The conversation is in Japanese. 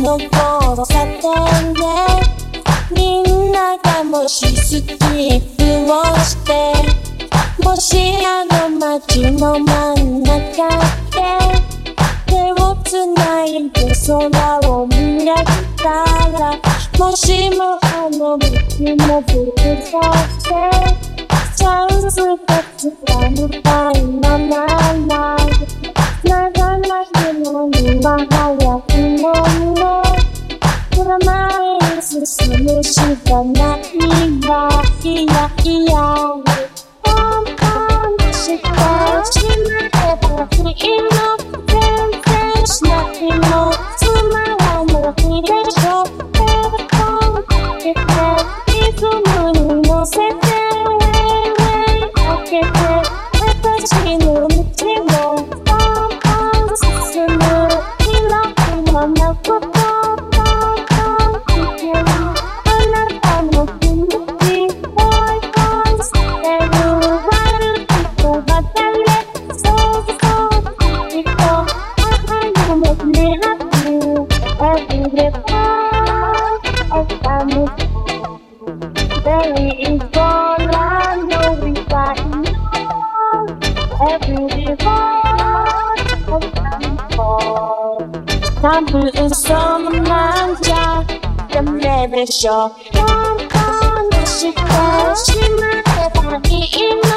の交差点でみんながもしスキップをしてもしあの街の真ん中で手をつないで空を見上げたらもしもあの道もぶつかってチャンスがつかみたいのなら bahaya indahnya Kurang susu banyak iya iya iya Pompom suka cina Tapi ingat Kentesnya imo Semua murah estamos negativo, o depois estamos Very is o no we find Every device of for Sample sou some manja, the never show o on the ship, she might have been